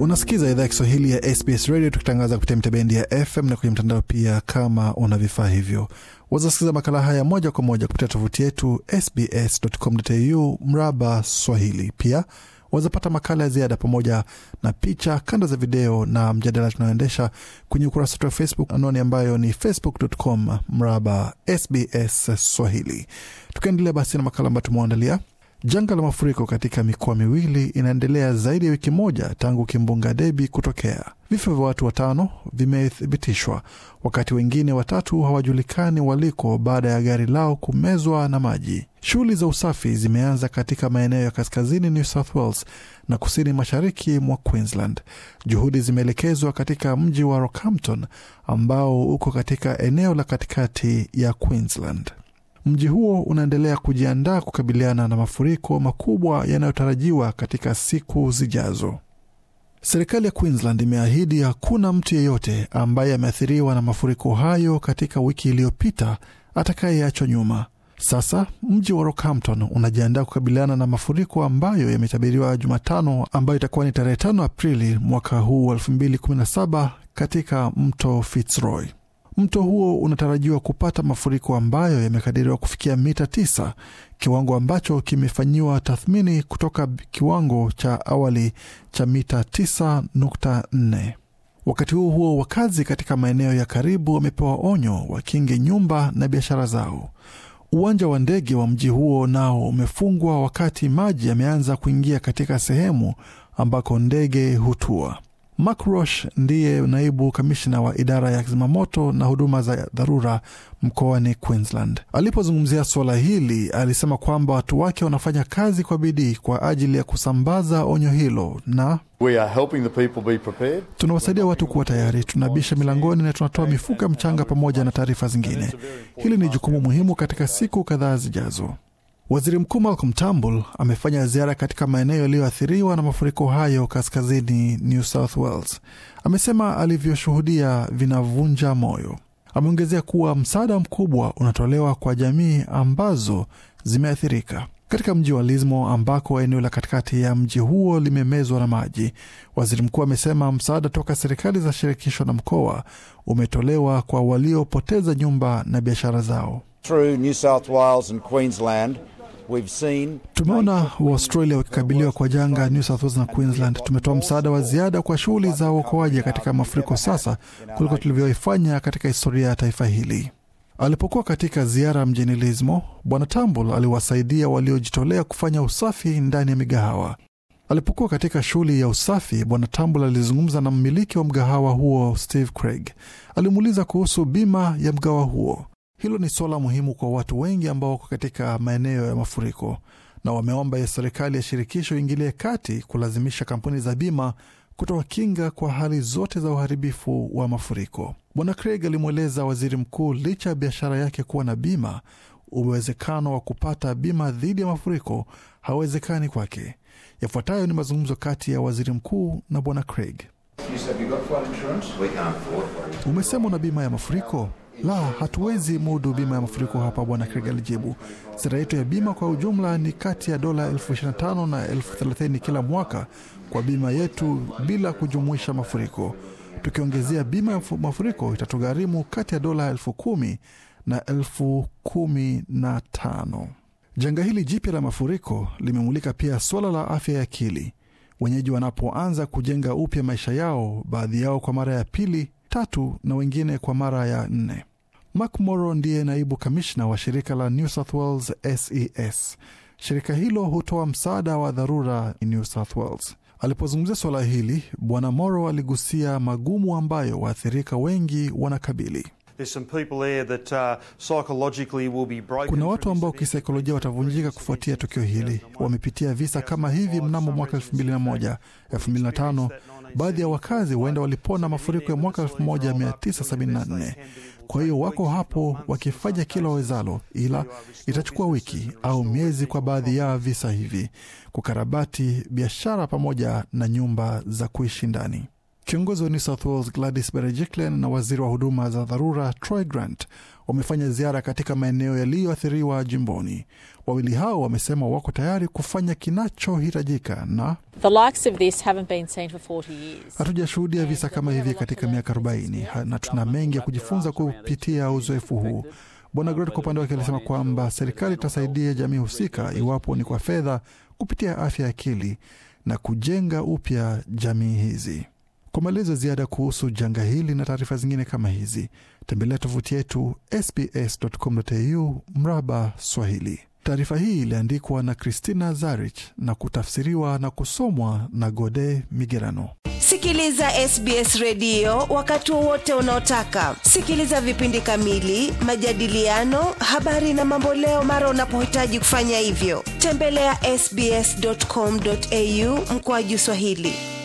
Unasikiza idhaa ya Kiswahili ya SBS Radio tukitangaza kupitia mitabendi ya FM na kwenye mtandao pia. Kama una vifaa hivyo, wazasikiza makala haya moja kwa moja kupitia tovuti yetu sbs.com.au mraba swahili. Pia wazapata makala ya ziada pamoja na picha, kanda za video na mjadala tunaoendesha kwenye ukurasa wetu wa Facebook, anwani ambayo ni facebook.com mraba sbs swahili. Tukaendelea basi na makala ambayo tumeandalia. Janga la mafuriko katika mikoa miwili inaendelea zaidi ya wiki moja tangu kimbunga Debi kutokea. Vifo vya watu watano vimethibitishwa, wakati wengine watatu hawajulikani waliko baada ya gari lao kumezwa na maji. Shughuli za usafi zimeanza katika maeneo ya kaskazini New South Wales na kusini mashariki mwa Queensland. Juhudi zimeelekezwa katika mji wa Rockhampton ambao uko katika eneo la katikati ya Queensland. Mji huo unaendelea kujiandaa kukabiliana na mafuriko makubwa yanayotarajiwa katika siku zijazo. Serikali ya Queensland imeahidi hakuna mtu yeyote ambaye ameathiriwa na mafuriko hayo katika wiki iliyopita atakayeachwa nyuma. Sasa mji wa Rockhampton unajiandaa kukabiliana na mafuriko ambayo yametabiriwa Jumatano, ambayo itakuwa ni tarehe 5 Aprili mwaka huu 217 2017 katika mto Fitzroy. Mto huo unatarajiwa kupata mafuriko ambayo yamekadiriwa kufikia mita tisa, kiwango ambacho kimefanyiwa tathmini kutoka kiwango cha awali cha mita nne. Wakati huo huo, wakazi katika maeneo ya karibu wamepewa onyo wakinge nyumba na biashara zao. Uwanja wa ndege wa mji huo nao umefungwa wakati maji yameanza kuingia katika sehemu ambako ndege hutua. Makrosh ndiye naibu kamishna wa idara ya zimamoto na huduma za dharura mkoani Queensland. Alipozungumzia suala hili, alisema kwamba watu wake wanafanya kazi kwa bidii kwa ajili ya kusambaza onyo hilo na tunawasaidia watu kuwa tayari, tunabisha milangoni na tunatoa mifuko ya mchanga pamoja na taarifa zingine. Hili ni jukumu muhimu katika siku kadhaa zijazo. Waziri Mkuu Malcolm Turnbull amefanya ziara katika maeneo yaliyoathiriwa na mafuriko hayo kaskazini New South Wales. Amesema alivyoshuhudia vinavunja moyo. Ameongezea kuwa msaada mkubwa unatolewa kwa jamii ambazo zimeathirika katika mji wa Lismo ambako eneo la katikati ya mji huo limemezwa na maji. Waziri mkuu amesema msaada toka serikali za shirikisho na mkoa umetolewa kwa waliopoteza nyumba na biashara zao. Through New South Wales and Queensland Tumeona Waustralia wakikabiliwa kwa janga New South Wales na Queensland. Tumetoa msaada wa ziada kwa shughuli za uokoaji katika mafuriko sasa kuliko tulivyoifanya katika historia ya taifa hili. Alipokuwa katika ziara mjini Lismo, Bwana Tambul aliwasaidia waliojitolea kufanya usafi ndani ya migahawa. Alipokuwa katika shughuli ya usafi, Bwana Tambul alizungumza na mmiliki wa mgahawa huo Steve Craig. Alimuuliza kuhusu bima ya mgahawa huo. Hilo ni suala muhimu kwa watu wengi ambao wako katika maeneo ya mafuriko, na wameomba ya serikali ya shirikisho iingilie kati kulazimisha kampuni za bima kutoa kinga kwa hali zote za uharibifu wa mafuriko. Bwana Craig alimweleza waziri mkuu, licha ya biashara yake kuwa na bima, uwezekano wa kupata bima dhidi ya mafuriko hawezekani kwake. Yafuatayo ni mazungumzo kati ya waziri mkuu na Bwana Craig. Umesema una bima ya mafuriko? La, hatuwezi mudu bima ya mafuriko hapa, bwana Craig alijibu. Sera yetu ya bima kwa ujumla ni kati ya dola elfu ishirini na elfu kila mwaka kwa bima yetu bila kujumuisha mafuriko. Tukiongezea bima ya mafuriko itatugharimu kati ya dola elfu na elfu kumi Janga hili jipya la mafuriko limemulika pia swala la afya ya akili. Wenyeji wanapoanza kujenga upya maisha yao, baadhi yao kwa mara ya pili, tatu na wengine kwa mara ya nne. Mark Moro ndiye naibu kamishna wa shirika la New South Wales SES. E shirika hilo hutoa msaada wa dharura New South Wales. Alipozungumzia suala hili, Bwana Moro aligusia magumu ambayo waathirika wengi wanakabili. Uh, Kuna watu ambao kisaikolojia watavunjika kufuatia tukio hili. Wamepitia visa kama hivi mnamo mwaka 2001, Baadhi ya wakazi huenda walipona mafuriko ya mwaka 1974. Kwa hiyo wako hapo wakifanya kila wawezalo, ila itachukua wiki au miezi kwa baadhi ya visa hivi kukarabati biashara pamoja na nyumba za kuishi ndani. Kiongozi wa New South Wales Gladys Berejiklian na waziri wa huduma za dharura Troy Grant wamefanya ziara katika maeneo yaliyoathiriwa jimboni. Wawili hao wamesema wako tayari kufanya kinachohitajika na hatujashuhudia visa kama hivi katika miaka 40 na tuna mengi ya kujifunza kupitia uzoefu huu. Bwana Grant kwa upande wake alisema kwamba serikali itasaidia jamii husika iwapo ni kwa fedha, kupitia afya ya akili na kujenga upya jamii hizi. Kwa maelezo ziada kuhusu janga hili na taarifa zingine kama hizi, tembelea tovuti yetu sbs.com.au mraba Swahili. Taarifa hii iliandikwa na Christina Zarich na kutafsiriwa na kusomwa na Gode Migerano. Sikiliza SBS redio wakati wowote unaotaka. Sikiliza vipindi kamili, majadiliano, habari na mamboleo mara unapohitaji kufanya hivyo. Tembelea ya sbs.com.au mkoaju Swahili.